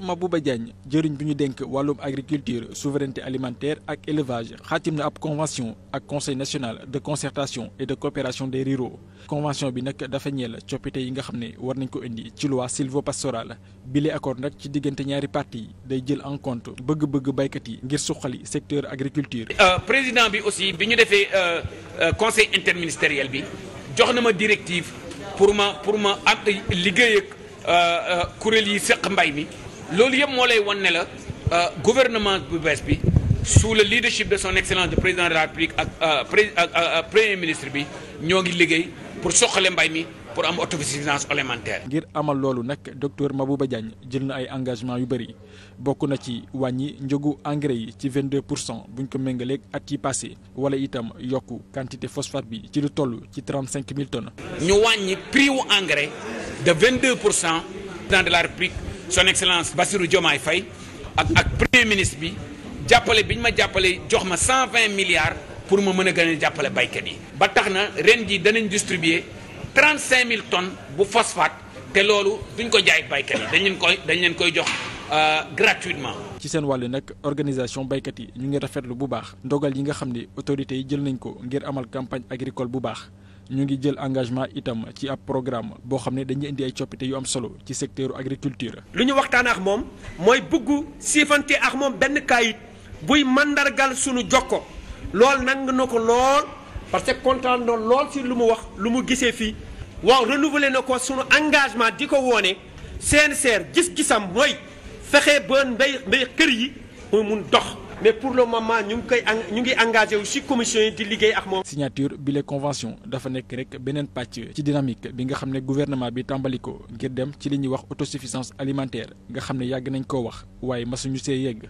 Mabouba Diagne jëriñ bi ñu dénk wàllum agriculture souveraineté alimentaire ak élevage xaatim na ab convention ak conseil national de concertation et de coopération des ruraux convention bi nag dafa ñeel coppite yi nga xam ne war nañ ko indi ci loi sylvopastorale bile accord nag ci diggante ñaari parti day jël en compte bëgg-bëgg baykat yi ngir suqali secteur agriculture. Euh, président bi aussi bi ñu defee euh, euh, conseil interministériel bi jox na ma directive pour ma pour ma ak liggéey ak kuréel yi seq mbay mi loolu yëpp moo lay won ne la euh, gouvernement bu bees bi sous le leadership de son excellence de président de la République ak euh, euh, premier ministre bi ñoo ngi liggéey pour soxale mbay mi pour am autosuffisance alimentaire. ngir amal loolu nag docteur Mabouba Diagne jël na ay engagement yu bëri bokk na ci wàññi njëgu engrais yi ci 22 pour cent buñ ko méngaleeg at yi passé wala itam yokku quantité phosphate bi ci lu toll ci 35 000 tonnes. ñu wàññi prix engrais de 22 pour cent dans de la République. son excellence Bassirou jomaay fay ak ak premier ministre bi jàppale bi ñu ma jàppale jox ma 120 milliards pour ma mën a gën a jàppale baykat yi. ba tax na ren ji danañ distribuer 35000 tonnes bu phosphate te loolu duñ ko jaay baykat yi dañ leen koy dañu leen koy jox. Euh, gratuitement. ci seen wàll nag organisation baykat yi ñu ngi rafetlu bu baax ndogal yi nga xam ni autorités yi jël nañ ko ngir amal campagne agricole bu baax. ñu ngi jël engagement itam ci ab programme boo xam ne dañuy indi ay coppite yu am solo ci secteur agriculture. lu ñu waxtaan ak moom mooy bëggu siifante ak moom benn kayit buy mandargal sunu jokko lool nang na ko lool parce que kontaan na lool si lu mu wax lu mu gisee fii waaw renouveler na ko sunu engagement di ko woone seen CNCR gis-gisam mooy fexe ba mbay mbay kër yi mu mun dox. mais pour le moment ñu ngi koy ñu ngi engagé wu ci commission yi di liggéey ak moom. signature bi convention dafa nekk rek beneen pàcc ci dinamique bi nga xam ne gouvernement bi tàmbali ko ngir dem ci li ñuy wax autosuffisance alimentaire nga xam ne yàgg nañ koo wax waaye masuñu see yegg.